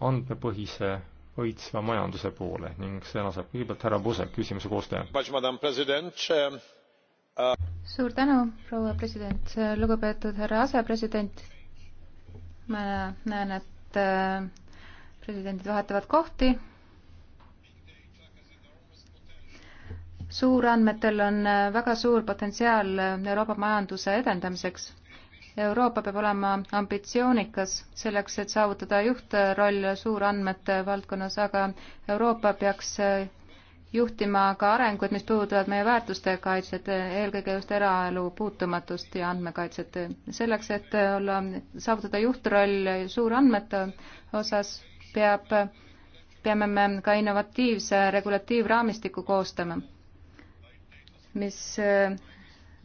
andmepõhise õitsva majanduse poole ning sõna saab kõigepealt härra Pusek, küsimuse koostaja. Uh, suur tänu, proua president, lugupeetud härra asepresident. ma näen, et uh, presidendid vahetavad kohti. suurandmetel on uh, väga suur potentsiaal Euroopa majanduse edendamiseks Euroopa peab olema ambitsioonikas selleks, et saavutada juhtroll suurandmete valdkonnas, aga Euroopa peaks juhtima ka arenguid, mis puudutavad meie väärtuste kaitset, eelkõige just eraelu puutumatust ja andmekaitset. selleks, et olla, saavutada juhtroll suurandmete osas, peab, peame me ka innovatiivse regulatiivraamistiku koostama, mis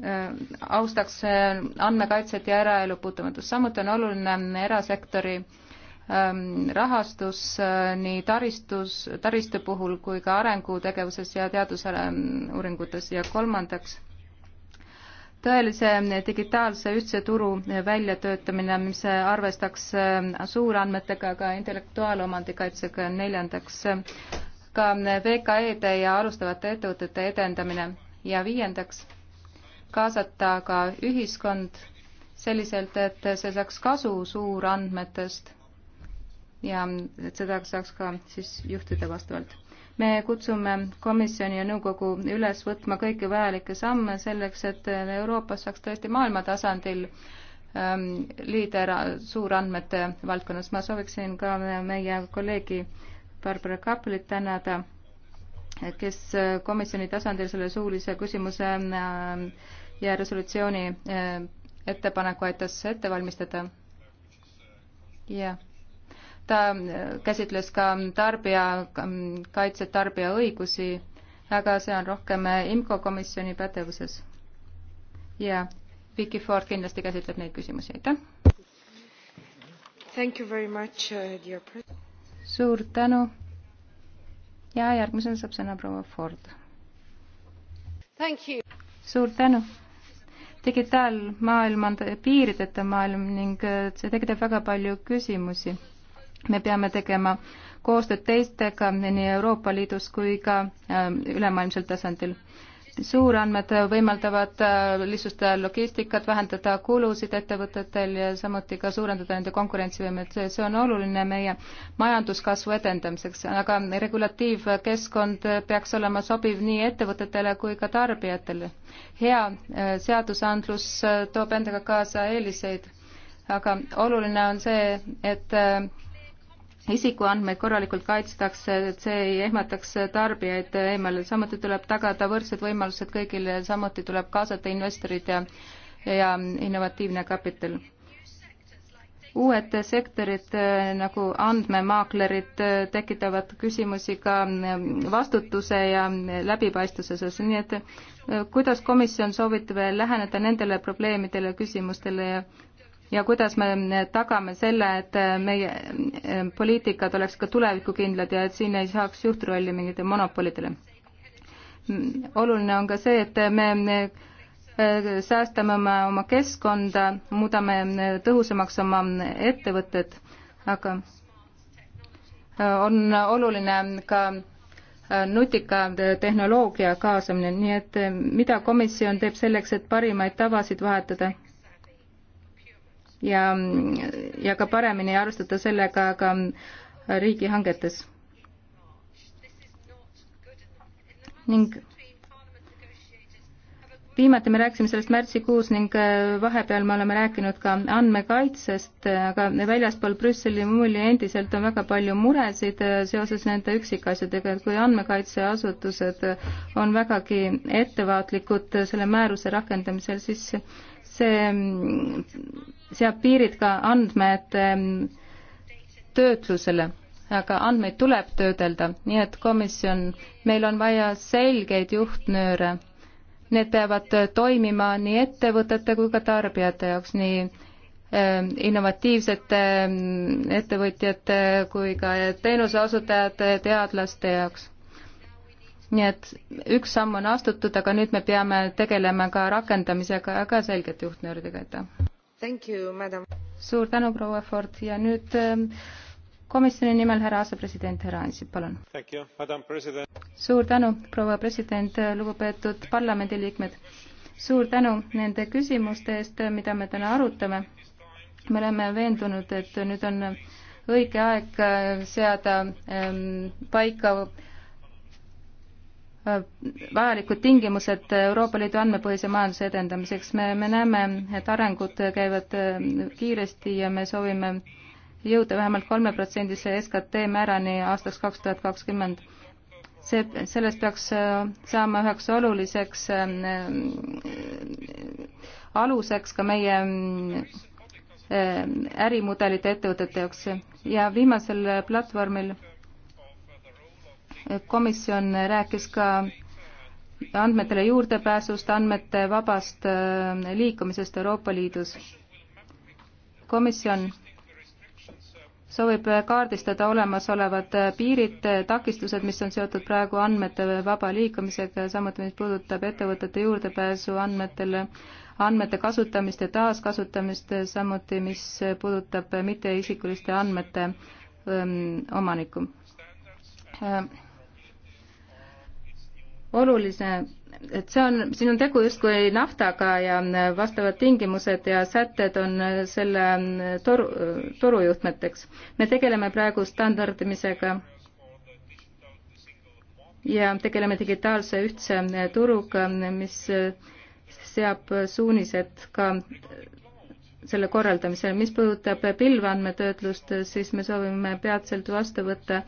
Äh, austaks äh, andmekaitset ja eraelu puutumatust. samuti on oluline erasektori ähm, rahastus äh, nii taristus, taristu puhul kui ka arengutegevuses ja teadusuuringutes ähm, ja kolmandaks tõelise digitaalse ühtse turu väljatöötamine, mis arvestaks suurandmetega ka intellektuaalomandi kaitsega, neljandaks ka VKE-de ja alustavate ettevõtete edendamine ja viiendaks kaasata ka ühiskond selliselt, et see saaks kasu suurandmetest ja et seda saaks ka siis juhtida vastavalt. me kutsume komisjoni ja nõukogu üles võtma kõiki vajalikke samme selleks, et Euroopas saaks tõesti maailma tasandil ähm, liider suurandmete valdkonnas. ma sooviksin ka meie kolleegi Barbara Kaplit tänada, kes komisjoni tasandil selle suulise küsimuse äh, ja resolutsiooni eh, ettepaneku aitas ette valmistada. jah, ta eh, käsitles ka tarbija, kaitset tarbija õigusi, aga see on rohkem eh, IMCO komisjoni pädevuses. ja Vicky Ford kindlasti käsitleb neid küsimusi, aitäh! Uh, suur tänu ja järgmisena saab sõna proua Ford. suur tänu! digitaalmaailm on piirideta maailm ning äh, see tekitab väga palju küsimusi. me peame tegema koostööd teistega nii Euroopa Liidus kui ka äh, ülemaailmsel tasandil suurandmed võimaldavad äh, lihtsustada logistikat, vähendada kulusid ettevõtetel ja samuti ka suurendada nende konkurentsivõimet. see on oluline meie majanduskasvu edendamiseks, aga regulatiivkeskkond peaks olema sobiv nii ettevõtetele kui ka tarbijatele. hea äh, seadusandlus äh, toob endaga kaasa eeliseid, aga oluline on see, et isikuandmeid korralikult kaitstakse, et see ei ehmataks tarbijaid eemale, samuti tuleb tagada võrdsed võimalused kõigile, samuti tuleb kaasata investorid ja, ja innovatiivne kapital. uued sektorid äh, nagu andmemaaklerid äh, tekitavad küsimusi ka äh, vastutuse ja läbipaistvuse osas, nii et kuidas komisjon soovib läheneda nendele probleemidele ja küsimustele ja ja kuidas me tagame selle, et meie eh, poliitikad oleks ka tulevikukindlad ja et siin ei saaks juhtrolli mingitele monopolidele. oluline on ka see, et me eh, säästame oma, oma keskkonda, muudame eh, tõhusamaks oma ettevõtted, aga on oluline ka nutika tehnoloogia kaasamine, nii et mida komisjon teeb selleks, et parimaid tavasid vahetada? ja, ja ka paremini arvestada sellega ka riigihangetes. ning viimati me rääkisime sellest märtsikuus ning äh, vahepeal me oleme rääkinud ka andmekaitsest, aga väljaspool Brüsseli mulli endiselt on väga palju muresid äh, seoses nende üksikasjadega, et kui andmekaitseasutused on vägagi ettevaatlikud äh, selle määruse rakendamisel, siis see seab piirid ka andmete töötlusele, aga andmeid tuleb töödelda, nii et komisjon, meil on vaja selgeid juhtnööre. Need peavad toimima nii ettevõtete kui ka tarbijate jaoks, nii innovatiivsete ettevõtjate kui ka teenuseosutajate, teadlaste jaoks nii et üks samm on astutud, aga nüüd me peame tegelema ka rakendamisega, aga selgete juhtnööridega, aitäh suur tänu, proua Ford ja nüüd ähm, komisjoni nimel härra asepresident härra Ansip, palun. suur tänu, proua president, lugupeetud parlamendiliikmed. suur tänu nende küsimuste eest, mida me täna arutame. me oleme veendunud, et nüüd on õige aeg seada ähm, paika vajalikud tingimused Euroopa Liidu andmepõhise majanduse edendamiseks. me, me näeme, et arengud käivad äh, kiiresti ja me soovime jõuda vähemalt kolmeprotsendise SKT määrani aastaks kaks tuhat kakskümmend. see, sellest peaks äh, saama üheks oluliseks äh, aluseks ka meie ärimudelite ettevõtete jaoks ja viimasel platvormil komisjon rääkis ka andmetele juurdepääsust, andmete vabast äh, liikumisest Euroopa Liidus. komisjon soovib kaardistada olemasolevad äh, piirid, äh, takistused, mis on seotud praegu andmete vaba liikumisega, samuti mis puudutab ettevõtete juurdepääsu andmetele, andmete kasutamist ja taaskasutamist, samuti mis puudutab mitteisikuliste andmete öö, ähm, omanikku olulise, et see on, siin on tegu justkui naftaga ja vastavad tingimused ja sätted on selle toru, torujuhtmeteks. me tegeleme praegu standardimisega ja tegeleme digitaalse ühtse turuga, mis seab suunised ka selle korraldamisele. mis puudutab pilveandmetöötlust, siis me soovime peatselt vastu võtta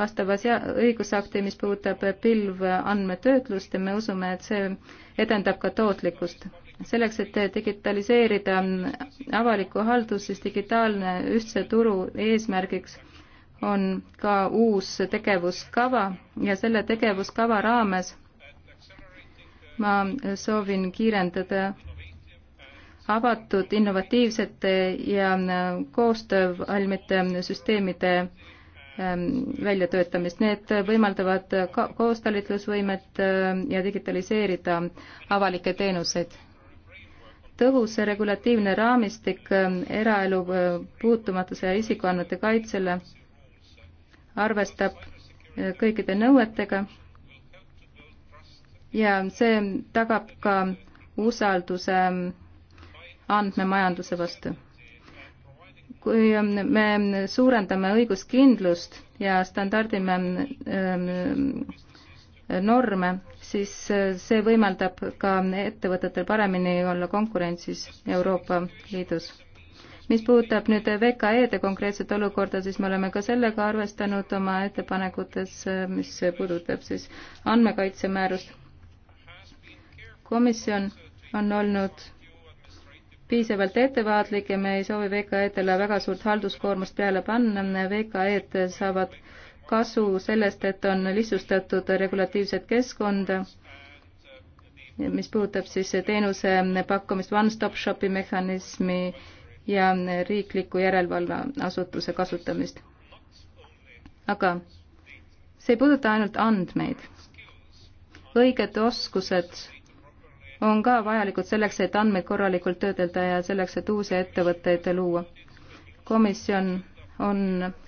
vastava sea-, õigusakti, mis puudutab pilvandmetöötlust ja me usume, et see edendab ka tootlikkust. selleks, et digitaliseerida avalikku haldust, siis digitaalne ühtse turu eesmärgiks on ka uus tegevuskava ja selle tegevuskava raames ma soovin kiirendada avatud innovatiivsete ja koostöövalmite süsteemide Ähm, väljatöötamist. Need võimaldavad ka koostalitlusvõimet ähm, ja digitaliseerida avalikke teenuseid. tõhus regulatiivne raamistik ähm, eraelu äh, puutumatuse ja isikuandmete kaitsele arvestab äh, kõikide nõuetega ja see tagab ka usalduse andmemajanduse vastu kui ähm, me suurendame õiguskindlust ja standardime ähm, norme, siis äh, see võimaldab ka ettevõtetel paremini olla konkurentsis Euroopa Liidus. mis puudutab nüüd VKE-de konkreetset olukorda, siis me oleme ka sellega arvestanud oma ettepanekutes, äh, mis puudutab siis andmekaitsemäärust. komisjon on olnud piisavalt ettevaatlik ja me ei soovi VKE-dele väga suurt halduskoormust peale panna. VKE-d saavad kasu sellest, et on lihtsustatud regulatiivset keskkonda, mis puudutab siis teenuse pakkumist one-stop shopi mehhanismi ja riikliku järelevalveasutuse kasutamist. aga see ei puuduta ainult andmeid. õiged oskused on ka vajalikud selleks, et andmeid korralikult töödelda ja selleks, et uusi ettevõtteid luua. komisjon on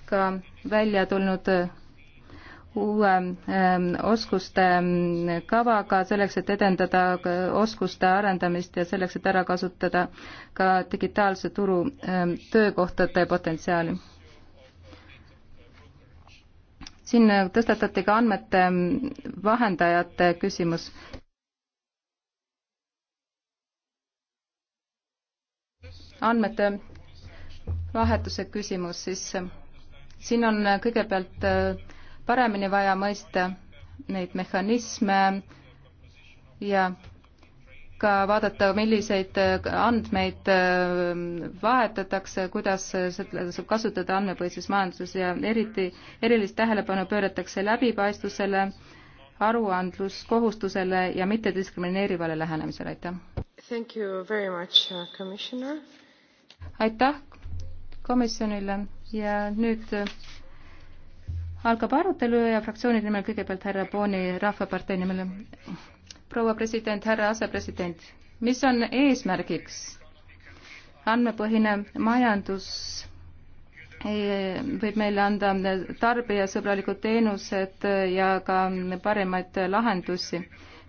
ka välja tulnud uue ähm, oskuste ähm, kavaga selleks, et edendada oskuste arendamist ja selleks, et ära kasutada ka digitaalse turu ähm, töökohtade potentsiaali. siin tõstatati ka andmete vahendajate küsimus. andmete vahetuse küsimus, siis äh, siin on äh, kõigepealt äh, paremini vaja mõista neid mehhanisme ja ka vaadata, milliseid andmeid vahetatakse, kuidas seda saab kasutada andmepõhises majanduses ja eriti, erilist tähelepanu pööratakse läbipaistvusele, aruandluskohustusele ja mittediskrimineerivale lähenemisele, aitäh! Uh, aitäh komisjonile ja nüüd äh, algab arutelu ja fraktsioonide nimel kõigepealt härra Booni Rahvapartei nimel. proua president, härra asepresident, mis on eesmärgiks? andmepõhine majandus võib meile anda tarbijasõbralikud teenused ja ka paremaid lahendusi.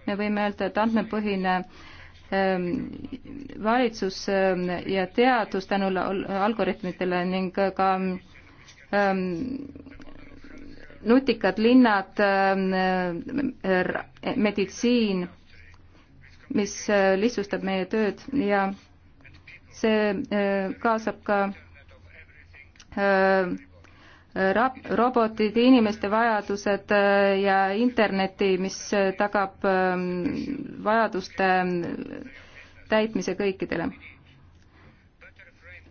me võime öelda, et andmepõhine äh, Ähm, valitsus ähm, ja teadus tänu algoritmidele ning ka ähm, nutikad linnad, äh, meditsiin, mis äh, lihtsustab meie tööd ja see äh, kaasab ka rap-, robotid, inimeste vajadused äh, ja interneti, mis äh, tagab ähm, vajaduste ähm, täitmise kõikidele.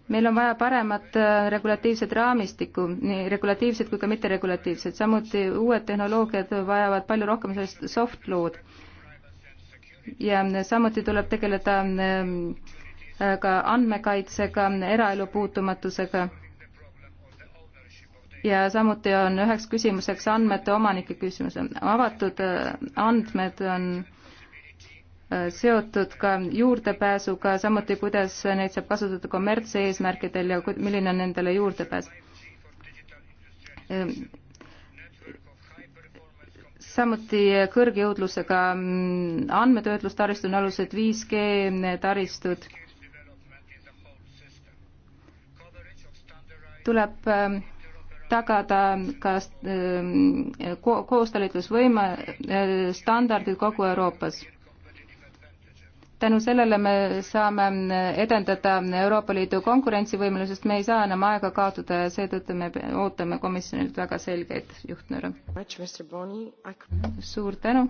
meil on vaja paremat äh, regulatiivset raamistikku, nii regulatiivset kui ka mitteregulatiivset, samuti uued tehnoloogiad vajavad palju rohkem sellist soft law'd. ja samuti tuleb tegeleda ähm, ka andmekaitsega, eraelu puutumatusega ja samuti on üheks küsimuseks andmete omanike küsimus. avatud äh, andmed on äh, seotud ka juurdepääsuga, samuti kuidas neid saab kasutada kommertseesmärkidel ja milline on nendele juurdepääs. samuti kõrgjõudlusega mm, andmetöötlustaristu on alused 5G taristud. tuleb ähm, tagada ka ähm, koostalitlusvõime äh, standardid kogu Euroopas. tänu sellele me saame äh, edendada Euroopa Liidu konkurentsivõimele, sest me ei saa enam aega kaotada ja seetõttu me ootame komisjonilt väga selgeid juhtnööre. suur tänu.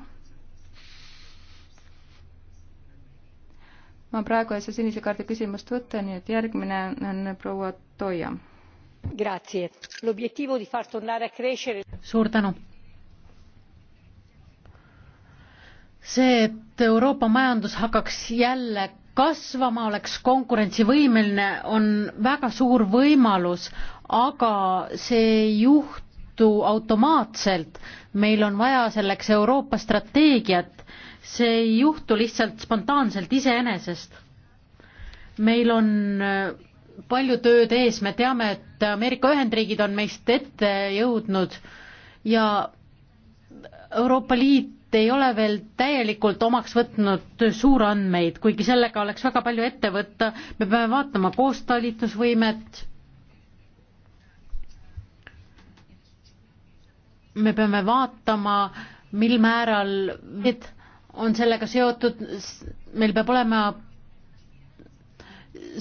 ma praegu ei saa sinise kaardi küsimust võtta, nii et järgmine on proua Toia l'obiettivo di far tornare a crescere. suur tänu. see, et Euroopa majandus hakkaks jälle kasvama, oleks konkurentsivõimeline, on väga suur võimalus, aga see ei juhtu automaatselt. meil on vaja selleks Euroopa strateegiat. see ei juhtu lihtsalt spontaanselt iseenesest. meil on palju tööd ees, me teame, et Ameerika Ühendriigid on meist ette jõudnud ja Euroopa Liit ei ole veel täielikult omaks võtnud suurandmeid, kuigi sellega oleks väga palju ette võtta, me peame vaatama koostalitusvõimet, me peame vaatama, mil määral on sellega seotud, meil peab olema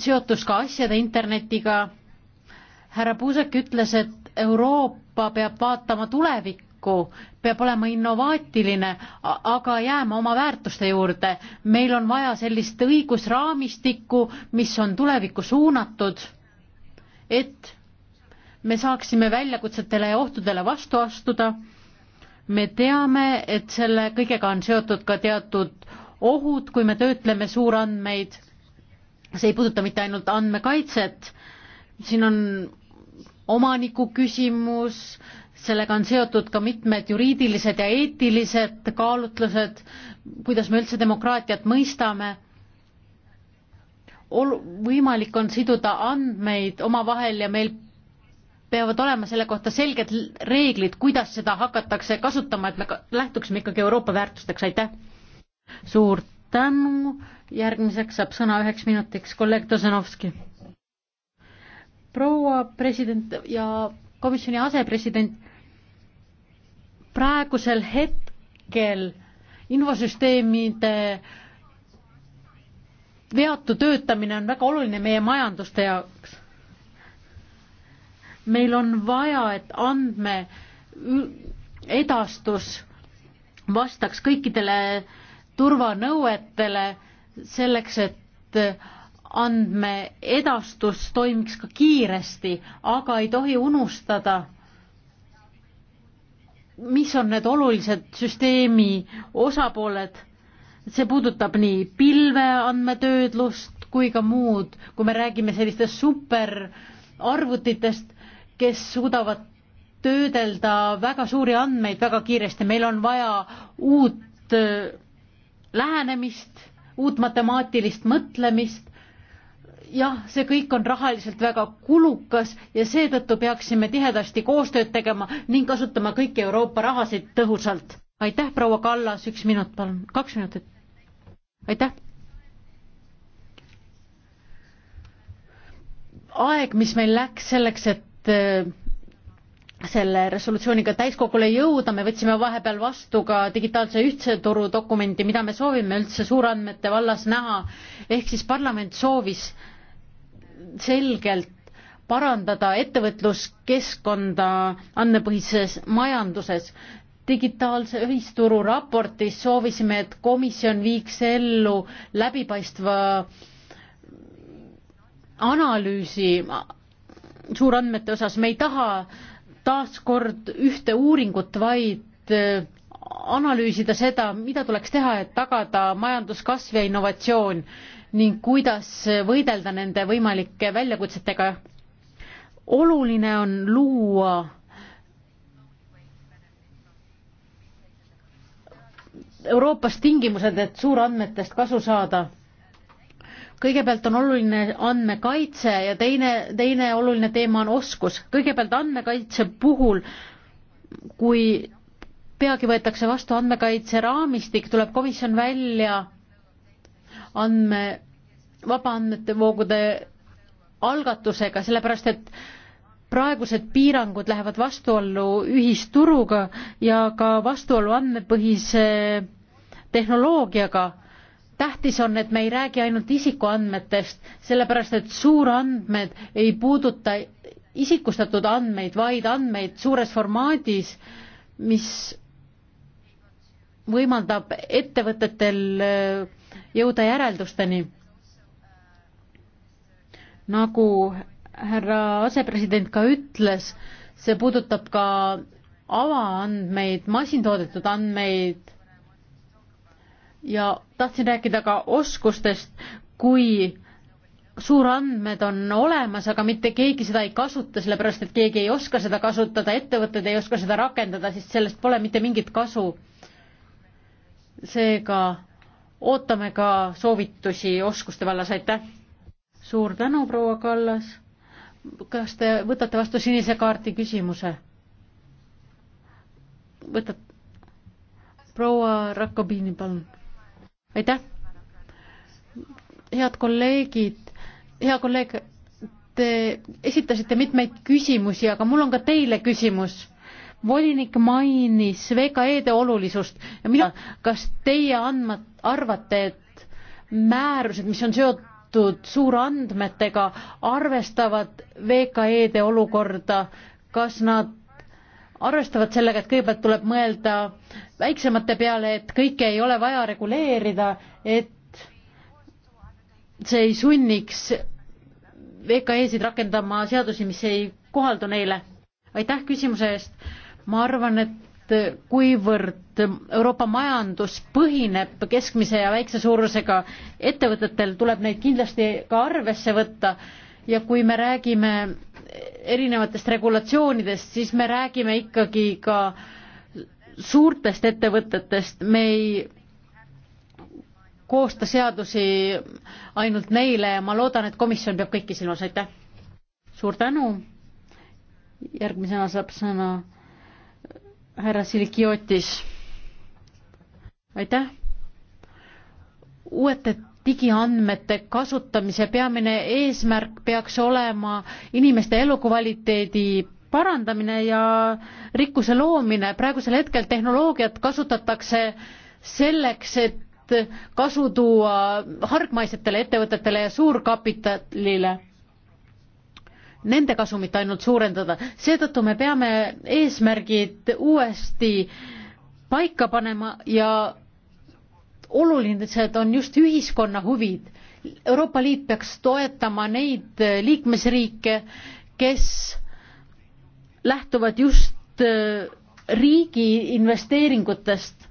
seotus ka asjade internetiga. härra Puusek ütles, et Euroopa peab vaatama tulevikku, peab olema innovaatiline, aga jääma oma väärtuste juurde. meil on vaja sellist õigusraamistikku, mis on tulevikku suunatud, et me saaksime väljakutsetele ja ohtudele vastu astuda. me teame, et selle kõigega on seotud ka teatud ohud, kui me töötleme suurandmeid see ei puuduta mitte ainult andmekaitset, siin on omaniku küsimus, sellega on seotud ka mitmed juriidilised ja eetilised kaalutlused, kuidas me üldse demokraatiat mõistame. Ol-, võimalik on siduda andmeid omavahel ja meil peavad olema selle kohta selged reeglid, kuidas seda hakatakse kasutama, et me lähtuksime ikkagi Euroopa väärtusteks, aitäh! suur tänu, järgmiseks saab sõna üheks minutiks kolleeg Tosenovski. proua president ja komisjoni asepresident, praegusel hetkel infosüsteemide veatu töötamine on väga oluline meie majanduste jaoks. meil on vaja, et andme edastus vastaks kõikidele äh, turvanõuetele selleks, et andmeedastus toimiks ka kiiresti, aga ei tohi unustada, mis on need olulised süsteemi osapooled. see puudutab nii pilveandmetöödlust kui ka muud, kui me räägime sellistest superarvutitest, kes suudavad töödelda väga suuri andmeid väga kiiresti, meil on vaja uut lähenemist, uut matemaatilist mõtlemist. jah, see kõik on rahaliselt väga kulukas ja seetõttu peaksime tihedasti koostööd tegema ning kasutama kõiki Euroopa rahasid tõhusalt. aitäh, proua Kallas, üks minut, palun, kaks minutit. aitäh. aeg, mis meil läks selleks, et äh, selle resolutsiooniga täiskogule jõuda, me võtsime vahepeal vastu ka digitaalse ühtse turu dokumenti, mida me soovime üldse suurandmete vallas näha, ehk siis parlament soovis selgelt parandada ettevõtluskeskkonda andmepõhises majanduses. digitaalse ühisturu raportis soovisime, et komisjon viiks ellu läbipaistva analüüsi suurandmete osas, me ei taha äh, taaskord ühte uuringut, vaid äh, analüüsida seda, mida tuleks teha, et tagada majanduskasv ja innovatsioon ning kuidas võidelda nende võimalike väljakutsetega. oluline on luua Euroopas tingimused, et suurandmetest kasu saada kõigepealt on oluline andmekaitse ja teine, teine oluline teema on oskus. kõigepealt andmekaitse puhul, kui peagi võetakse vastu andmekaitse raamistik, tuleb komisjon välja andme, vabaandmete voogude algatusega, sellepärast et praegused piirangud lähevad vastuollu ühisturuga ja ka vastuollu andmepõhise tehnoloogiaga tähtis on, et me ei räägi ainult isikuandmetest, sellepärast et suurandmed ei puuduta isikustatud andmeid, vaid andmeid suures formaadis, mis võimaldab ettevõtetel äh, jõuda järeldusteni. nagu härra asepresident ka ütles, see puudutab ka avaandmeid, masintoodetud andmeid ja tahtsin rääkida ka oskustest, kui suurandmed on olemas, aga mitte keegi seda ei kasuta, sellepärast et keegi ei oska seda kasutada, ettevõtted ei oska seda rakendada, siis sellest pole mitte mingit kasu. seega ootame ka soovitusi oskuste vallas, aitäh! suur tänu, proua Kallas! kas te võtate vastu sinise kaardi küsimuse? võtad? proua Rakobiini, palun aitäh. head kolleegid, hea kolleeg, te esitasite mitmeid küsimusi, aga mul on ka teile küsimus. volinik mainis VKE-de olulisust ja mina, kas teie andma, arvate, et määrused, mis on seotud suurandmetega, arvestavad VKE-de olukorda, kas nad arvestavad sellega, et kõigepealt tuleb mõelda väiksemate peale, et kõike ei ole vaja reguleerida, et see ei sunniks VKE-sid rakendama seadusi, mis ei kohaldu neile. aitäh küsimuse eest. ma arvan, et kuivõrd Euroopa majandus põhineb keskmise ja väikse suurusega ettevõtetel, tuleb neid kindlasti ka arvesse võtta ja kui me räägime erinevatest regulatsioonidest, siis me räägime ikkagi ka suurtest ettevõtetest, me ei koosta seadusi ainult neile ja ma loodan, et komisjon peab kõiki silmas, aitäh. suur tänu. järgmisena saab sõna härra Silikiotis. aitäh. uued digiandmete kasutamise peamine eesmärk peaks olema inimeste elukvaliteedi parandamine ja rikkuse loomine. praegusel hetkel tehnoloogiat kasutatakse selleks, et kasu tuua hargmaisetele ettevõtetele ja suurkapitalile, nende kasumit ainult suurendada. seetõttu me peame eesmärgid uuesti paika panema ja olulised on just ühiskonna huvid. Euroopa Liit peaks toetama neid äh, liikmesriike, kes lähtuvad just äh, riigi investeeringutest,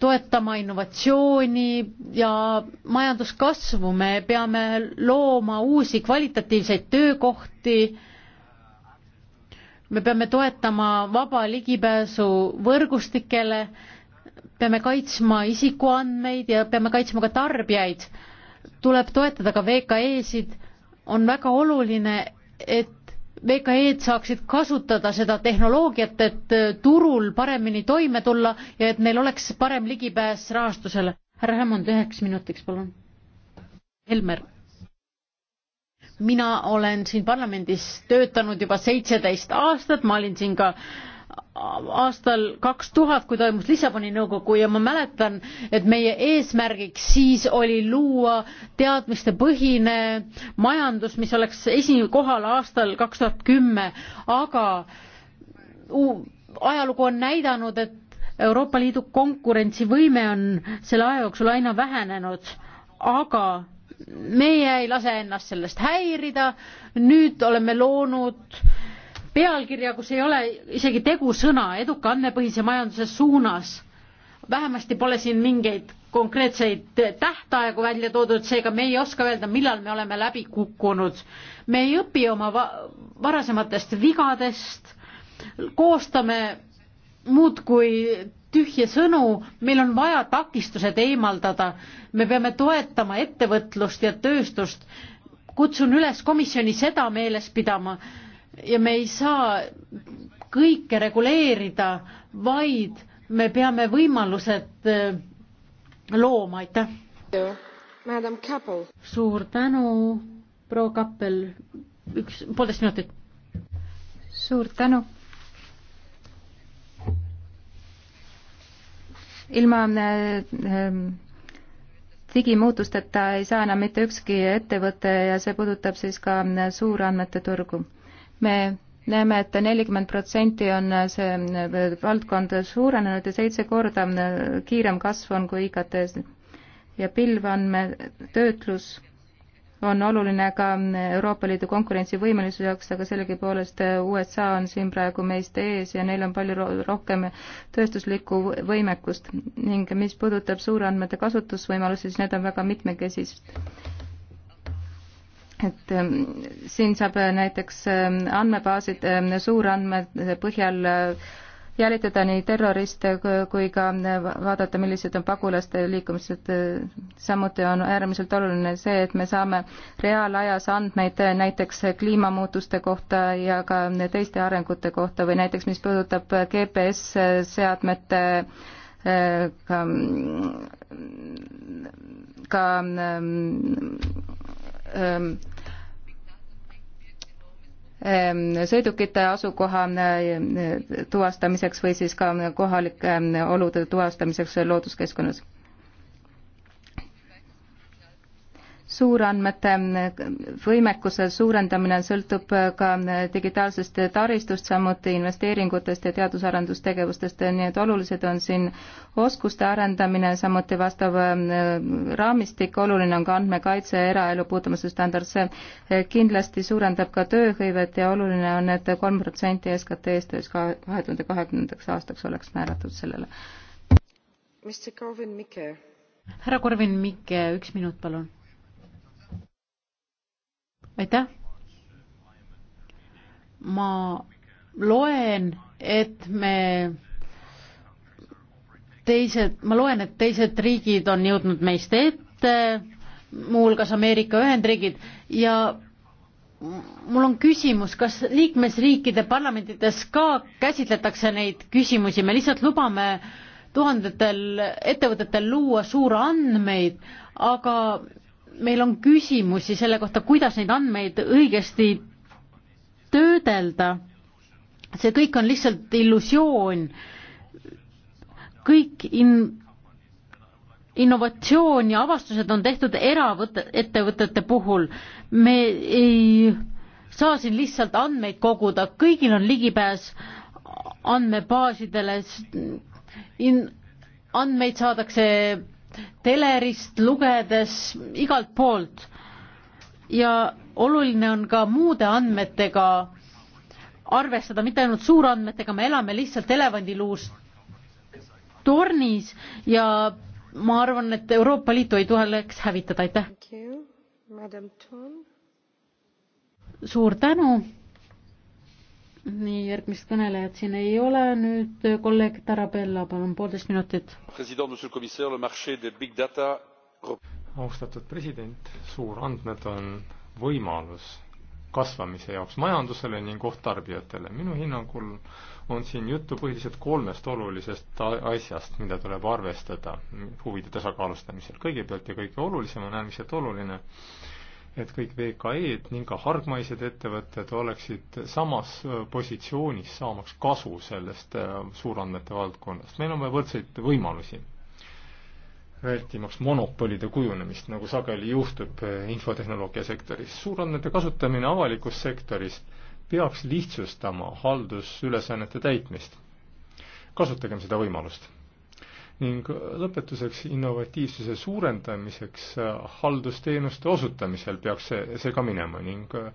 toetama innovatsiooni ja majanduskasvu, me peame looma uusi kvalitatiivseid töökohti, me peame toetama vaba ligipääsu võrgustikele peame kaitsma isikuandmeid ja peame kaitsma ka tarbijaid. tuleb toetada ka VKE-sid. on väga oluline, et VKE-d saaksid kasutada seda tehnoloogiat, et äh, turul paremini toime tulla ja et neil oleks parem ligipääs rahastusele. härra Hämmond, üheks minutiks, palun. Helmer mina olen siin parlamendis töötanud juba seitseteist aastat, ma olin siin ka äh, aastal kaks tuhat, kui toimus Lissaboni nõukogu ja ma mäletan, et meie eesmärgiks siis oli luua teadmistepõhine majandus, mis oleks esikohal aastal kaks tuhat kümme, aga ajalugu on näidanud, et Euroopa Liidu konkurentsivõime on selle aja jooksul aina vähenenud, aga meie ei lase ennast sellest häirida, nüüd oleme loonud pealkirja, kus ei ole isegi tegusõna eduka andmepõhise majanduse suunas. vähemasti pole siin mingeid konkreetseid tähtaegu välja toodud, seega me ei oska öelda, millal me oleme läbi kukkunud. me ei õpi oma va varasematest vigadest, koostame muudkui tühje sõnu, meil on vaja takistused eemaldada, me peame toetama ettevõtlust ja tööstust. kutsun üles komisjoni seda meeles pidama ja me ei saa kõike reguleerida, vaid me peame võimalused äh, looma, aitäh. suur tänu, proua Kappel, üks, poolteist minutit. suur tänu. ilma äh, ähm, digimuutusteta ei saa enam mitte ükski ettevõte ja see puudutab siis ka äh, suurandmete turgu me näeme et, et nelikümmend protsenti on see äh, valdkond suurenenud ja seitse korda äh, kiirem kasv on kui IKT-s. ja pilveandmetöötlus on oluline ka äh, Euroopa Liidu konkurentsivõimelisuse jaoks, aga sellegipoolest USA on siin praegu meist ees ja neil on palju rohkem tööstuslikku võimekust ning mis puudutab suurandmete kasutusvõimalusi, siis need on väga mitmekesised et ähm, siin saab äh, näiteks ähm, andmebaaside, ähm, suurandmete põhjal äh, jälitada nii terroriste kui ka äh, vaadata, millised on pagulaste liikumised. samuti on äärmiselt oluline see, et me saame reaalajas andmeid näiteks kliimamuutuste kohta ja ka teiste arengute kohta või näiteks, mis puudutab GPS-seadmete ka, mm, ka mm, Ähm, ähm, sõidukite asukoha äh, tuvastamiseks või siis ka kohalike ähm, olude tuvastamiseks looduskeskkonnas suurandmete võimekuse suurendamine sõltub ka digitaalsest taristust, samuti investeeringutest ja teadus-arendustegevustest, nii et olulised on siin oskuste arendamine, samuti vastav äh, raamistik, oluline on ka andmekaitse ja eraelu puutumatuse standard, see äh, kindlasti suurendab ka tööhõivet ja oluline on et, et kolm protsenti SKT-st kahe tuhande kahekümnendaks aastaks oleks määratud sellele. härra Korvin Mikke, üks minut, palun aitäh. ma loen, et me teised, ma loen, et teised riigid on jõudnud meist ette, muuhulgas Ameerika Ühendriigid ja mul on küsimus, kas liikmesriikide parlamentides ka käsitletakse neid küsimusi, me lihtsalt lubame tuhandetel ettevõtetel luua suurandmeid, aga meil on küsimusi selle kohta, kuidas neid andmeid õigesti töödelda. see kõik on lihtsalt illusioon. kõik in-, innovatsioon ja avastused on tehtud eraettevõtete puhul. me ei saa siin lihtsalt andmeid koguda, kõigil on ligipääs andmebaasidele, andmeid saadakse telerist lugedes igalt poolt. ja oluline on ka muude andmetega arvestada, mitte ainult suurandmetega, me elame lihtsalt elevandiluust tornis ja ma arvan, et Euroopa Liitu ei tuleks hävitada, aitäh. suur tänu nii, järgmist kõnelejat siin ei ole, nüüd äh, kolleeg Tarabella, palun, poolteist minutit. austatud president, suurandmed on võimalus kasvamise jaoks majandusele ning oht tarbijatele. minu hinnangul on siin juttu põhiliselt kolmest olulisest asjast, mida tuleb arvestada huvide tasakaalustamisel. kõigepealt ja kõige olulisem on äärmiselt oluline äh, et kõik VKE-d ning ka hargmaised ettevõtted oleksid samas äh, positsioonis saamaks kasu sellest äh, suurandmete valdkonnast. meil on vaja võrdseid võimalusi, vältimaks monopolide kujunemist, nagu sageli juhtub äh, infotehnoloogia sektoris. suurandmete kasutamine avalikus sektoris peaks lihtsustama haldusülesannete täitmist. kasutagem seda võimalust ning lõpetuseks innovatiivsuse suurendamiseks äh, haldusteenuste osutamisel peaks see, see ka minema ning äh,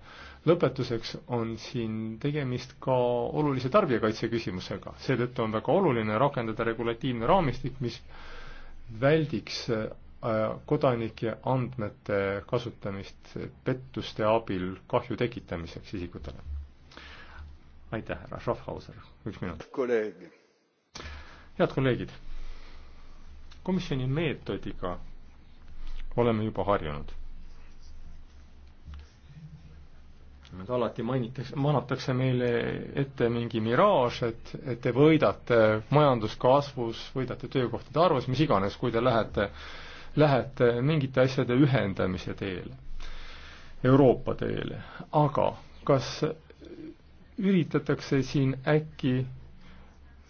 lõpetuseks on siin tegemist ka olulise tarbijakaitse küsimusega, seetõttu on väga oluline rakendada regulatiivne raamistik, mis väldiks äh, kodanike andmete kasutamist pettuste abil kahju tekitamiseks isikutele. aitäh, härra Schaffhauser, üks minut. head kolleegid komisjoni meetodiga oleme juba harjunud. et alati mainitakse, manatakse meile ette mingi miraaž, et, et te võidate majanduskasvus, võidate töökohtade arvus, mis iganes, kui te lähete, lähete mingite asjade ühendamise teele, Euroopa teele. aga kas üritatakse siin äkki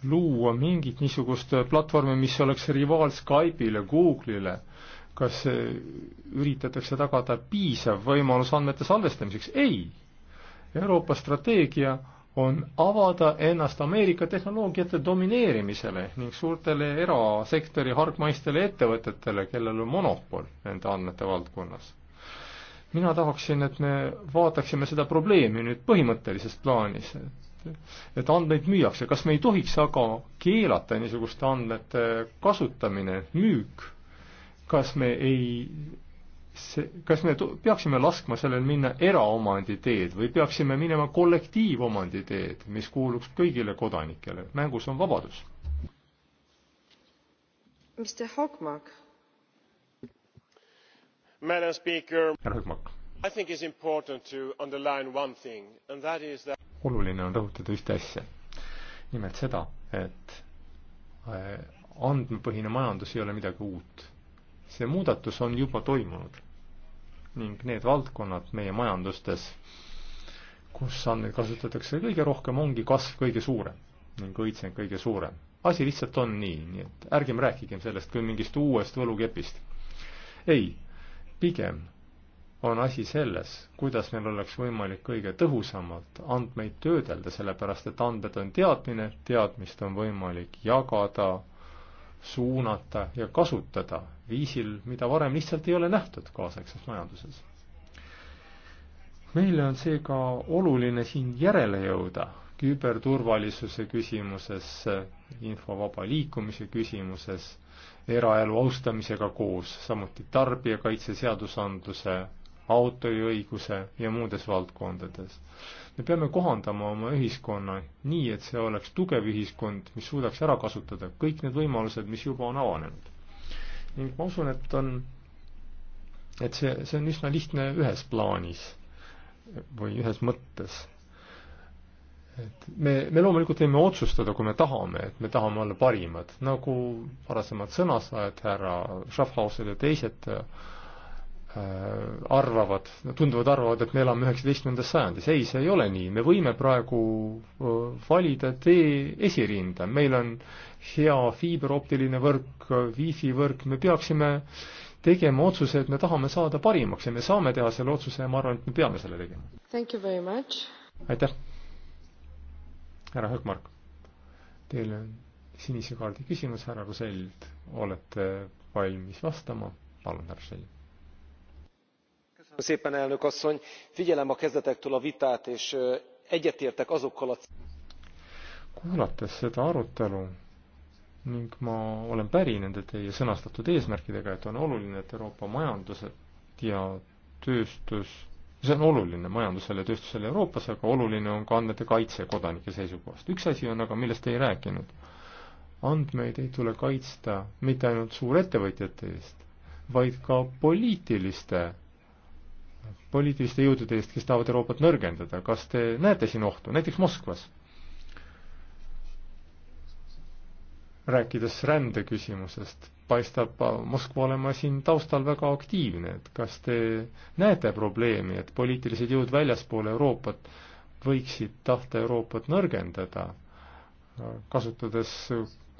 luua mingit niisugust platvormi, mis oleks rivaal Skype'ile, Google'ile, kas eh, üritatakse tagada piisav võimalus andmete salvestamiseks? ei! Euroopa strateegia on avada ennast Ameerika tehnoloogiate domineerimisele ning suurtele erasektori hargmaistele ettevõtetele, kellel on monopol nende andmete valdkonnas. mina tahaksin, et me vaataksime seda probleemi nüüd põhimõttelises plaanis, et andmeid müüakse, kas me ei tohiks aga keelata niisuguste andmete kasutamine, müük, kas me ei see, kas me peaksime laskma sellel minna eraomandi teed või peaksime minema kollektiivomandi teed, mis kuuluks kõigile kodanikele, mängus on vabadus. härra Hökmark. I think it's important to underline one thing and that is that oluline on rõhutada ühte asja. nimelt seda, et äh, andmepõhine majandus ei ole midagi uut. see muudatus on juba toimunud ning need valdkonnad meie majandustes, kus andmeid kasutatakse kõige rohkem, ongi kasv kõige suurem ning õitseng kõige suurem. asi lihtsalt on nii, nii et ärgem rääkigem sellest kui mingist uuest võlukepist. ei, pigem on asi selles, kuidas meil oleks võimalik kõige tõhusamalt andmeid töödelda, sellepärast et andmed on teadmine, teadmist on võimalik jagada, suunata ja kasutada viisil, mida varem lihtsalt ei ole nähtud kaasaegses majanduses. meile on seega oluline siin järele jõuda küberturvalisuse küsimuses, infovaba liikumise küsimuses, eraelu austamisega koos, samuti tarbijakaitse seadusandluse autoriõiguse ja muudes valdkondades. me peame kohandama oma ühiskonna nii, et see oleks tugev ühiskond, mis suudaks ära kasutada kõik need võimalused, mis juba on avanenud. ning ma usun, et on, et see, see on üsna lihtne ühes plaanis või ühes mõttes et me, me loomulikult võime otsustada, kui me tahame, et me tahame olla parimad, nagu varasemad sõnasaajad, härra Schaffhauser ja teised äh, Äh, arvavad, tunduvad arvavad, et me elame üheksateistkümnendas sajandis. ei, see ei ole nii, me võime praegu äh, valida tee esirinda, meil on hea fiiberoptiline võrk, wifi võrk, me peaksime tegema otsuse, et me tahame saada parimaks ja me saame teha selle otsuse ja ma arvan, et me peame selle tegema. aitäh. härra Höökmark, teil on sinise kaardi küsimus härra Rosellilt, olete valmis vastama? palun, härra Rosell figyelem a kezdetektől a vitát és egyetértek azokkal a. kuulates seda arutelu ning ma olen päri nende teie sõnastatud eesmärkidega et on oluline et euroopa majandused ja tööstus see on oluline majandusele ja tööstusele euroopas aga oluline on ka andmete kaitse kodanike seisukohast üks asi on aga millest te ei rääkinud andmeid ei tule kaitsta mitte ainult suurettevõtjate eest vaid ka poliitiliste poliitiliste jõudude eest, kes tahavad Euroopat nõrgendada, kas te näete siin ohtu, näiteks Moskvas? rääkides rändeküsimusest, paistab Moskva olema siin taustal väga aktiivne, et kas te näete probleemi, et poliitilised jõud väljaspool Euroopat võiksid tahta Euroopat nõrgendada, kasutades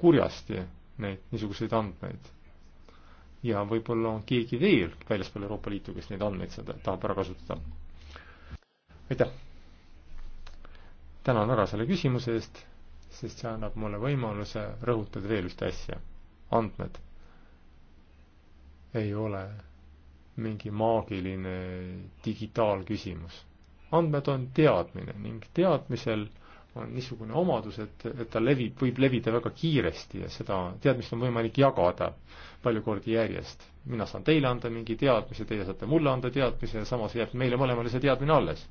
kurjasti neid niisuguseid andmeid? ja võib-olla on keegi veel väljaspool Euroopa Liitu, kes neid andmeid seda tahab ära kasutada. aitäh! tänan väga selle küsimuse eest, sest see annab mulle võimaluse rõhutada veel ühte asja. andmed ei ole mingi maagiline digitaalküsimus. andmed on teadmine ning teadmisel on niisugune omadus, et, et ta levib, võib levida väga kiiresti ja seda teadmist on võimalik jagada palju kordi järjest. mina saan teile anda mingi teadmise, teie saate mulle anda teadmise ja samas jääb meile mõlemale see teadmine alles.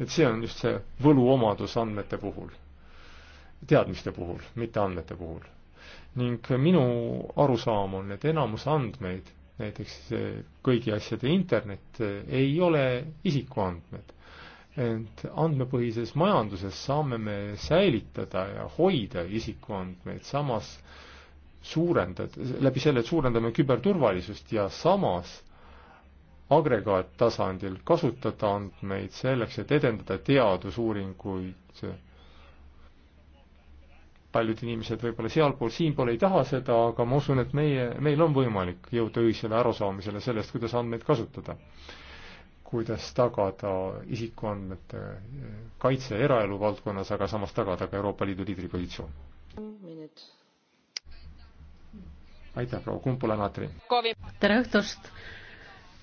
et see on just see võluomadus andmete puhul, teadmiste puhul, mitte andmete puhul. ning minu arusaam on, et enamus andmeid, näiteks kõigi asjade internet, ei ole isikuandmed ent andmepõhises majanduses saame me säilitada ja hoida isikuandmeid, samas suurendad, läbi selle, et suurendame küberturvalisust ja samas agregaattasandil kasutada andmeid selleks, et edendada teadusuuringuid. paljud inimesed võib-olla sealpool, siinpool ei taha seda, aga ma usun, et meie, meil on võimalik jõuda ühisele arusaamisele sellest, kuidas andmeid kasutada kuidas tagada isikuandmete kaitse eraelu valdkonnas, aga samas tagada ka Euroopa Liidu liidri positsioon. aitäh, proua Kumpula-Natri! tere õhtust!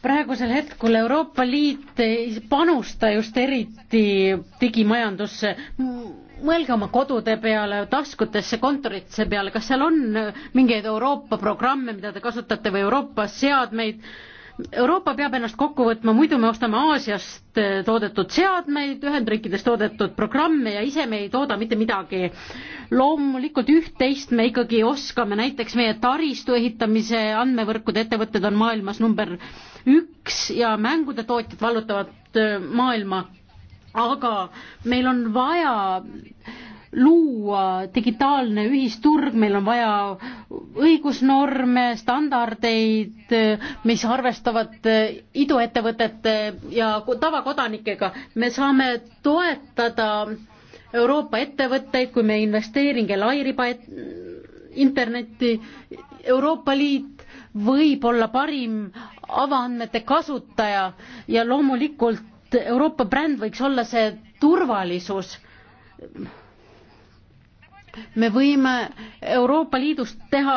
praegusel hetkel Euroopa Liit ei panusta just eriti digimajandusse. mõelge oma kodude peale, taskutesse, kontorite peale, kas seal on mingeid Euroopa programme, mida te kasutate või Euroopa seadmeid? Euroopa peab ennast kokku võtma, muidu me ostame Aasiast eh, toodetud seadmeid, Ühendriikides toodetud programme ja ise me ei tooda mitte midagi. loomulikult üht-teist me ikkagi oskame, näiteks meie taristu ehitamise andmevõrkude ettevõtted on maailmas number üks ja mängude tootjad vallutavad eh, maailma, aga meil on vaja luua digitaalne ühisturg, meil on vaja õigusnorme, standardeid, mis arvestavad iduettevõtete ja tavakodanikega. me saame toetada Euroopa ettevõtteid, kui me investeeringi lairiba internetti. Euroopa Liit võib olla parim avaandmete kasutaja ja loomulikult Euroopa bränd võiks olla see turvalisus me võime Euroopa Liidust teha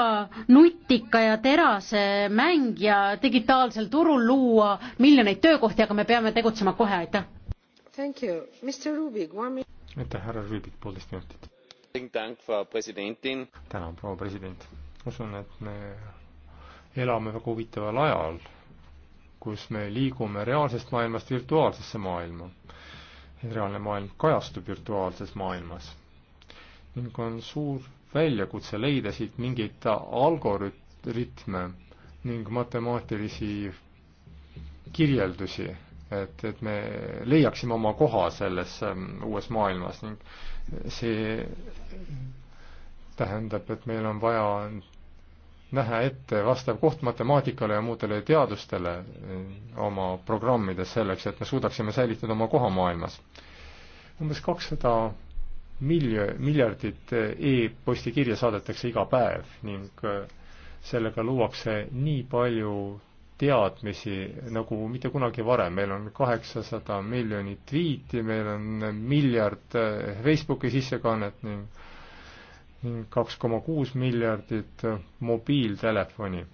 nutika ja terase mängija, digitaalsel turul luua miljoneid töökohti, aga me peame tegutsema kohe, aitäh. aitäh, härra Rüübik, poolteist minutit. tänan, proua president. usun, et me elame väga huvitaval ajal, kus me liigume reaalsest maailmast virtuaalsesse maailma. reaalne maailm kajastub virtuaalses maailmas ning on suur väljakutse leida siit mingeid algoritme ning matemaatilisi kirjeldusi, et, et me leiaksime oma koha selles ähm, uues maailmas ning see tähendab, et meil on vaja näha ette vastav koht matemaatikale ja muudele teadustele äh, oma programmides selleks, et me suudaksime säilitada oma koha maailmas. umbes kakssada miljo-, miljardit e-posti kirja saadetakse iga päev ning äh, sellega luuakse nii palju teadmisi nagu mitte kunagi varem, meil on kaheksasada miljonit tweet'i, meil on miljard äh, Facebooki sissekannet ning ning kaks koma kuus miljardit äh, mobiiltelefoni.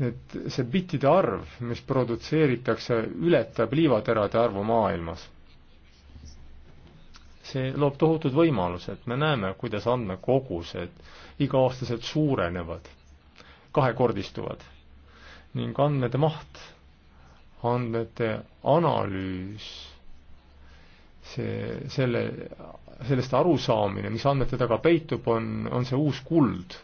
et see bittide arv, mis produtseeritakse, ületab liivaterade arvu maailmas see loob tohutud võimalused, me näeme, kuidas andmekogused iga-aastaselt suurenevad, kahekordistuvad ning andmete maht, andmete analüüs, see, selle, sellest arusaamine, mis andmete taga peitub, on, on see uus kuld,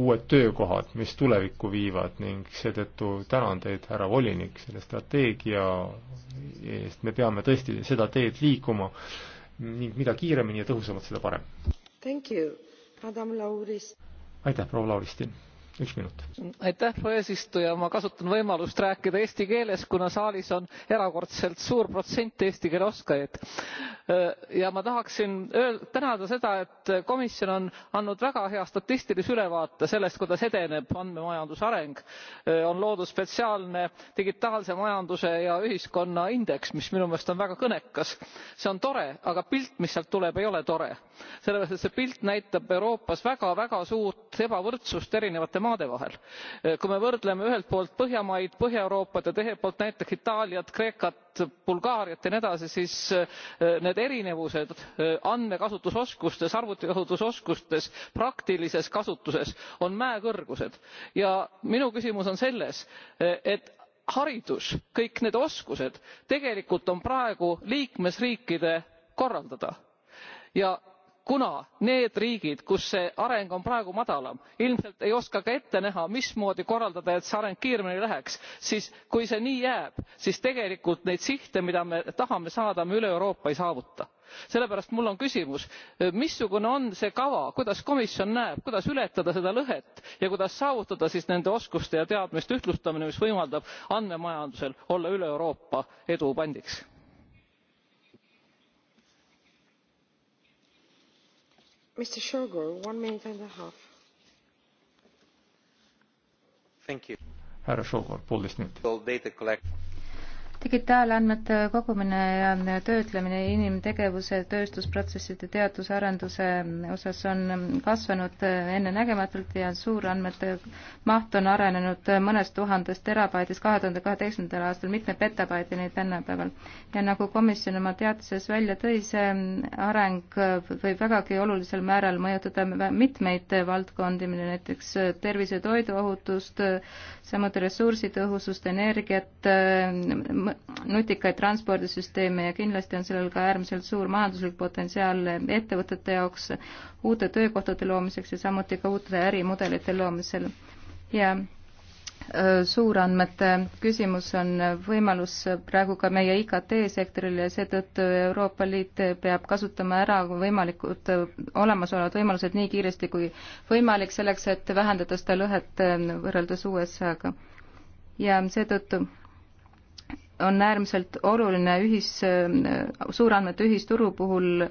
uued töökohad, mis tulevikku viivad ning seetõttu tänan teid, härra volinik, selle strateegia eest, me peame tõesti seda teed liikuma ning mida kiiremini ja tõhusamalt, seda parem. aitäh, proua Lauristin! proua eesistuja ma kasutan võimalust rääkida eesti keeles kuna saalis on erakordselt suur protsent eesti keele oskajaid. Äh, ja ma tahaksin tänada seda et komisjon on andnud väga hea statistilise ülevaate sellest kuidas edeneb andmemajanduse areng. Äh, on loodud spetsiaalne digitaalse majanduse ja ühiskonna indeks mis minu meelest on väga kõnekas. see on tore aga pilt mis sealt tuleb ei ole tore sellepärast et see pilt näitab euroopas väga väga suurt ebavõrdsust erinevate maade vahel maade vahel. Eh, kui me võrdleme ühelt poolt põhjamaid põhja euroopat ja teiselt poolt näiteks itaaliat kreekat bulgaariat ja nii edasi siis eh, need erinevused eh, andmekasutusoskustes arvutikasutusoskustes praktilises kasutuses on mäekõrgused ja minu küsimus on selles et haridus kõik need oskused tegelikult on praegu liikmesriikide korraldada ja kuna need riigid kus see areng on praegu madalam ilmselt ei oska ka ette näha mismoodi korraldada et see areng kiiremini läheks siis kui see nii jääb siis tegelikult neid sihte mida me tahame saada me üle euroopa ei saavuta. sellepärast mul on küsimus missugune on see kava kuidas komisjon näeb kuidas ületada seda lõhet ja kuidas saavutada siis nende oskuste ja teadmiste ühtlustamine mis võimaldab andmemajandusel olla üle euroopa edu pandiks? härra Šogor, poolteist minutit digitaalandmete kogumine ja töötlemine inimtegevuse, tööstusprotsesside, teadusarenduse osas on kasvanud ennenägematult ja suurandmete maht on arenenud mõnest tuhandest terabaidist kahe tuhande kaheteistkümnendal aastal mitme petabaidini tänapäeval. ja nagu komisjon oma teatises välja tõi, see areng võib vägagi olulisel määral mõjutada mitmeid valdkondi, näiteks tervise- ja toiduohutust, samuti ressursitõhusust, energiat, nutikaid transpordisüsteeme ja kindlasti on sellel ka äärmiselt suur majanduslik potentsiaal ettevõtete jaoks uute töökohtade loomiseks ja samuti ka uute ärimudelite loomisel. ja suurandmete küsimus on võimalus praegu ka meie IKT-sektoril ja seetõttu Euroopa Liit peab kasutama ära võimalikud, olemasolevad võimalused nii kiiresti kui võimalik, selleks et vähendada seda lõhet võrreldes USA-ga. ja seetõttu on äärmiselt oluline ühis, suurandmete ühisturu puhul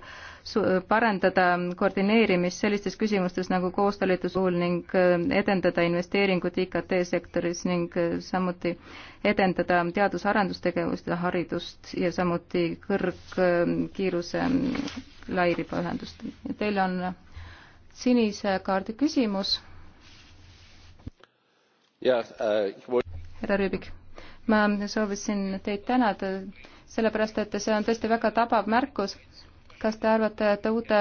su-, parendada koordineerimist sellistes küsimustes nagu koostalituse puhul ning äh, edendada investeeringut IKT sektoris ning äh, samuti edendada teadus-arendustegevust ja haridust ja samuti kõrgkiiruse äh, mm, lairibaühendust. Teil on sinise kaardi küsimus. härra Rüübik ma soovisin teid tänada, sellepärast et see on tõesti väga tabav märkus. kas te arvate, et uute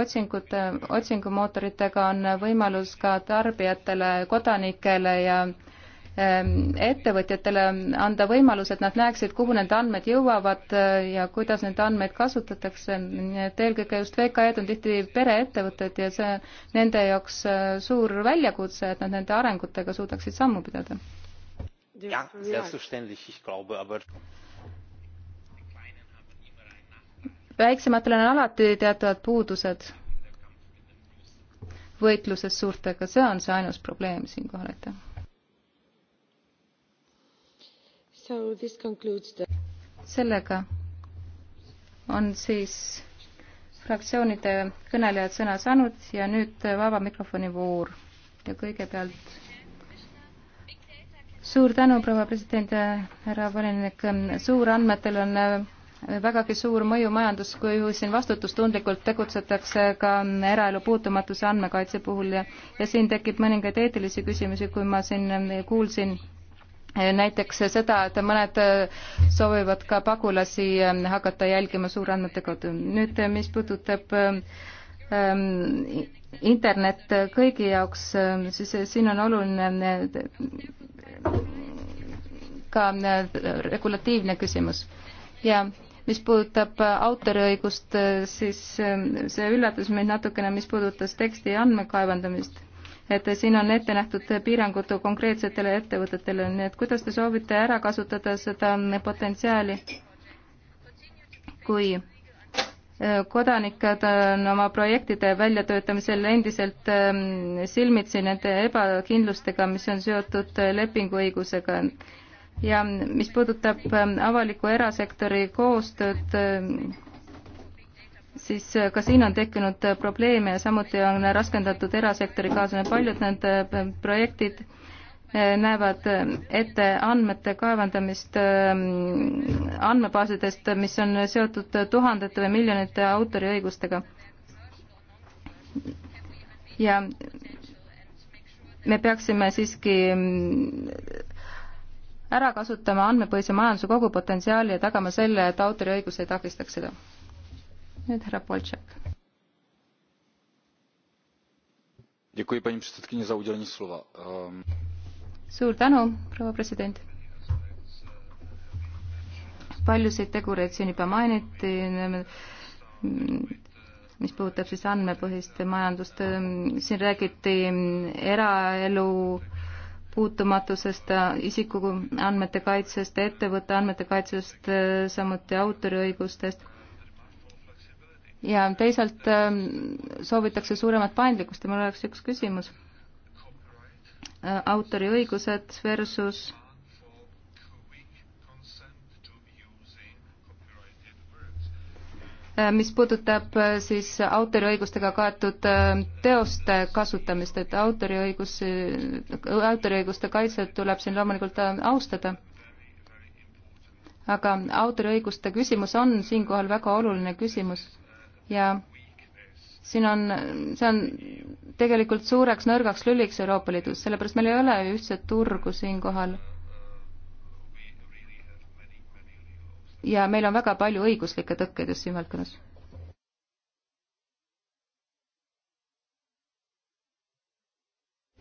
otsingute, otsingumootoritega on võimalus ka tarbijatele, kodanikele ja ehm, ettevõtjatele anda võimalus, et nad näeksid, kuhu need andmed jõuavad eh, ja kuidas neid andmeid kasutatakse. et eelkõige just VKE-d on tihti pereettevõtted ja see nende jaoks eh, suur väljakutse, et nad nende arengutega suudaksid sammu pidada ja, selbstverständlich, ich glaube, aber väiksematel on alati teatavad puudused võitluses suurtega, see on see ainus probleem siinkohal, aitäh. The... sellega on siis fraktsioonide kõnelejad sõna saanud ja nüüd vaba mikrofoni voor ja kõigepealt suur tänu, proua president, härra volinik, suurandmetel on äh, vägagi suur mõju majandus, kui siin vastutustundlikult tegutsetakse ka eraelu puutumatuse andmekaitse puhul ja, ja siin tekib mõningaid eetilisi küsimusi, kui ma siin äh, kuulsin äh, näiteks seda, et mõned soovivad ka pagulasi hakata jälgima suurandmete kaudu. nüüd, mis puudutab ähm, internet kõigi jaoks, siis siin on oluline ka äh, regulatiivne küsimus ja mis puudutab äh, autoriõigust, äh, siis see üllatas mind natukene, mis puudutas teksti andmekaevandamist. et siin on ette nähtud piirangud konkreetsetele ettevõtetele, nii et kuidas te soovite ära kasutada seda potentsiaali, kui kodanikud on äh, oma projektide väljatöötamisel endiselt ähm, silmitsi nende ebakindlustega, mis on seotud äh, lepinguõigusega. ja mis puudutab ähm, avaliku erasektori koostööd, ähm, siis äh, ka siin on tekkinud probleeme ja samuti on raskendatud erasektori kaasamine, paljud need projektid Eh, näevad ette andmete kaevandamist eh, andmebaasidest, mis on seotud tuhandete või miljonite autoriõigustega. ja me peaksime siiski mm, ära kasutama andmepõhise majanduse kogu potentsiaali ja tagama selle, et autoriõigus ei takistaks seda. nüüd härra Poltšak. paní předsedkyně za udělení slova. Um suur tänu, proua president. paljusid tegureid siin juba mainiti, mis puudutab siis andmepõhist majandust, siin räägiti eraelu puutumatusest, isiku andmete kaitsest, ettevõtte andmete kaitsest, samuti autoriõigustest. ja teisalt soovitakse suuremat paindlikkust ja mul oleks üks küsimus Äh, autoriõigused versus äh, mis puudutab äh, siis autoriõigustega kaetud teoste kasutamist, et autoriõigus, autoriõiguste kaitset tuleb siin loomulikult austada. aga autoriõiguste küsimus on siinkohal väga oluline küsimus ja siin on, see on tegelikult suureks nõrgaks lüliks Euroopa Liidus, sellepärast meil ei ole ühtset turgu siinkohal. ja meil on väga palju õiguslikke tõkkeid just siin valdkonnas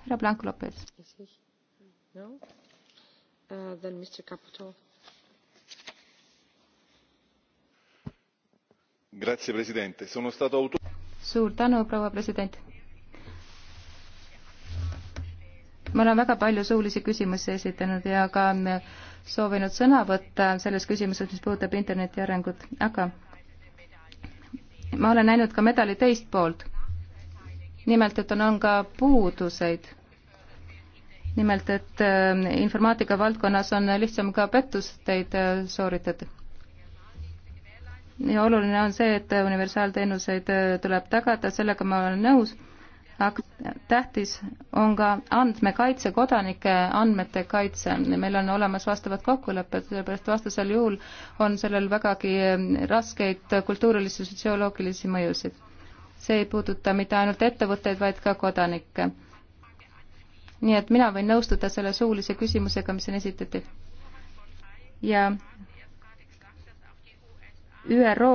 Herra Blanco Lopez. No? Uh, then Mr. Caputo. Grazie Presidente. Sono stato autore suur tänu, proua president. ma olen väga palju suulisi küsimusi esitanud ja ka soovinud sõna võtta selles küsimuses, mis puudutab interneti arengut, aga ma olen näinud ka medali teist poolt. nimelt, et on, on ka puuduseid. nimelt, et äh, informaatika valdkonnas on lihtsam ka pettusteid äh, sooritada ja oluline on see, et universaalteenuseid äh, tuleb tagada, sellega ma olen nõus, aga tähtis on ka andmekaitse, kodanike andmete kaitse. meil on olemas vastavad kokkulepped, sellepärast vastasel juhul on sellel vägagi äh, raskeid kultuurilisi, sotsioloogilisi mõjusid. see ei puuduta mitte ainult ettevõtteid, vaid ka kodanikke. nii et mina võin nõustuda selle suulise küsimusega, mis siin esitati. ja ÜRO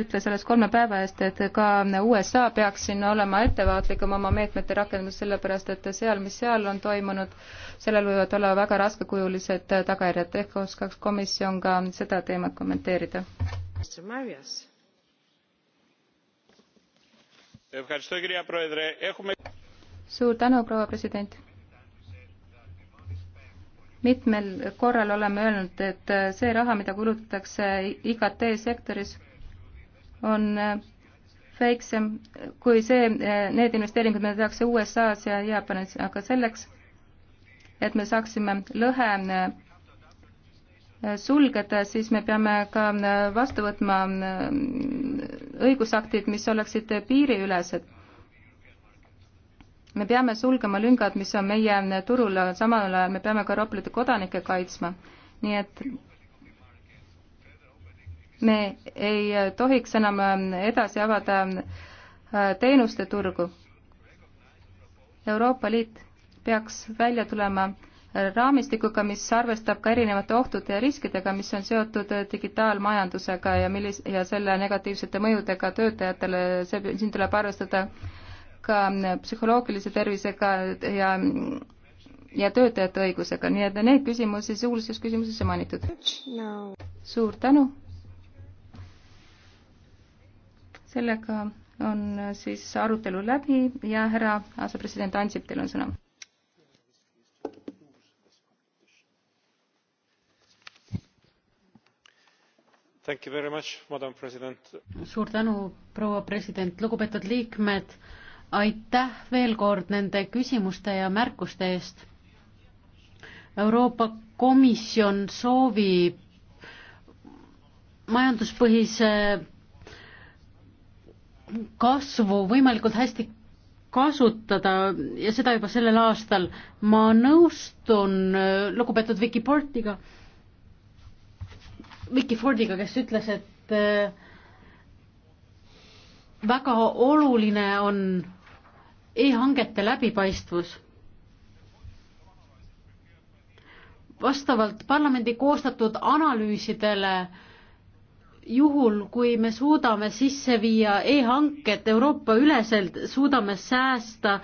ütles alles kolme päeva eest, et ka USA peaks siin olema ettevaatlikum oma meetmete rakendamisel, sellepärast et seal, mis seal on toimunud, sellel võivad olla väga raskekujulised tagajärjed. ehk oskaks komisjon ka seda teemat kommenteerida? suur tänu, proua president mitmel korral oleme öelnud, et äh, see raha, mida kulutatakse IKT sektoris, on äh, väiksem kui see, äh, need investeeringud, mida tehakse USA-s ja Jaapanis, aga selleks, et me saaksime lõhe sulgeda, siis me peame ka vastu võtma õigusaktid, mis oleksid piiriülesed me peame sulgema lüngad, mis on meie turul, samal ajal me peame ka Euroopa kodanikke kaitsma. nii et me ei tohiks enam edasi avada äh, teenuste turgu. Euroopa Liit peaks välja tulema raamistikuga, mis arvestab ka erinevate ohtude ja riskidega, mis on seotud äh, digitaalmajandusega ja millis- ja selle negatiivsete mõjudega töötajatele, see, siin tuleb arvestada äh, ka ähm, psühholoogilise tervisega ja ja töötajate õigusega, nii et neid küsimusi suulises küsimuses ei mainitud no.. suur tänu. sellega on siis arutelu läbi ja härra asepresident Ansip, teil on sõna. Much, suur tänu, proua president, lugupeetud liikmed aitäh veel kord nende küsimuste ja märkuste eest. Euroopa Komisjon soovib majanduspõhise kasvu võimalikult hästi kasutada ja seda juba sellel aastal. ma nõustun äh, lugupeetud Vicky Fordiga, Vicky Fordiga, kes ütles, et äh, väga oluline on e-hangete läbipaistvus. vastavalt parlamendi koostatud analüüsidele juhul, kui me suudame sisse viia e-hanked Euroopa üleselt, suudame säästa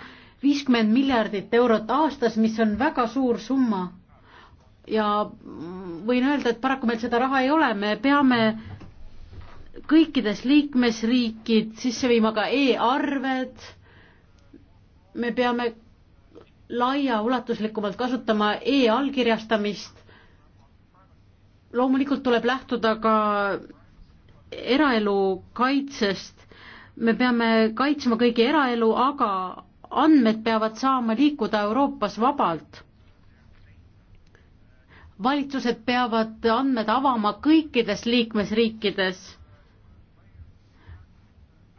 viiskümmend miljardit eurot aastas, mis on väga suur summa. ja võin öelda, et paraku meil seda raha ei ole, me peame kõikides liikmesriikid sisse viima ka e-arved me peame laiaulatuslikumalt kasutama e-allkirjastamist. loomulikult tuleb lähtuda ka eraelu kaitsest. me peame kaitsma kõigi eraelu, aga andmed peavad saama liikuda Euroopas vabalt. valitsused peavad andmed avama kõikides liikmesriikides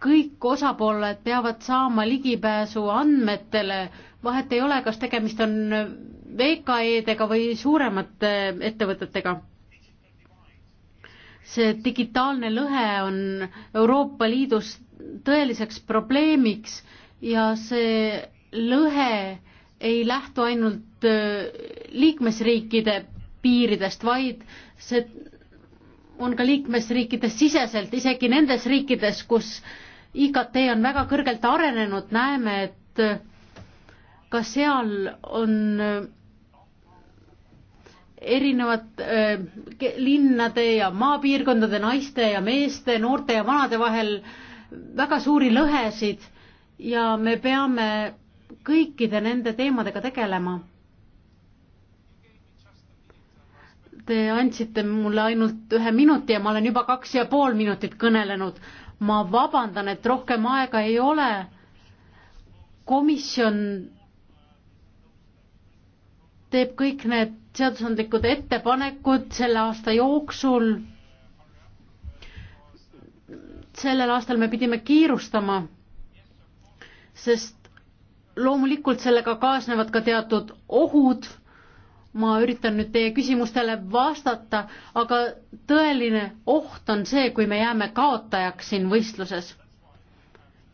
kõik osapooled peavad saama ligipääsu andmetele, vahet ei ole, kas tegemist on VKE-dega või suuremate ettevõtetega. see digitaalne lõhe on Euroopa Liidus tõeliseks probleemiks ja see lõhe ei lähtu ainult äh, liikmesriikide piiridest, vaid see on ka liikmesriikide siseselt, isegi nendes riikides, kus äh, IKT on väga kõrgelt arenenud, näeme, et ka seal on äh, erinevad äh, linnade ja maapiirkondade naiste ja meeste, noorte ja vanade vahel väga suuri lõhesid ja me peame kõikide nende teemadega tegelema. Te andsite mulle ainult ühe minuti ja ma olen juba kaks ja pool minutit kõnelenud, ma vabandan, et rohkem aega ei ole. komisjon teeb kõik need seadusandlikud ettepanekud selle aasta jooksul. sellel aastal me pidime kiirustama, sest loomulikult sellega kaasnevad ka teatud ohud ma üritan nüüd teie küsimustele vastata, aga tõeline oht on see, kui me jääme kaotajaks siin võistluses.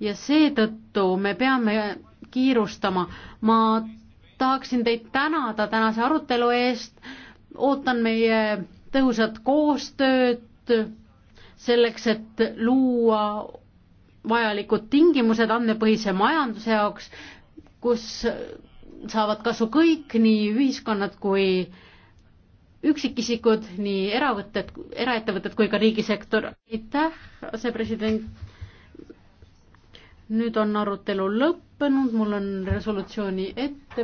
ja seetõttu me peame kiirustama. ma tahaksin teid tänada tänase arutelu eest, ootan meie tõhusat koostööd selleks, et luua vajalikud tingimused andmepõhise majanduse jaoks, kus saavad kasu kõik, nii ühiskonnad kui üksikisikud, nii eravõtted, eraettevõtted kui ka riigisektor. aitäh, asepresident. nüüd on arutelu lõppenud, mul on resolutsiooni ette.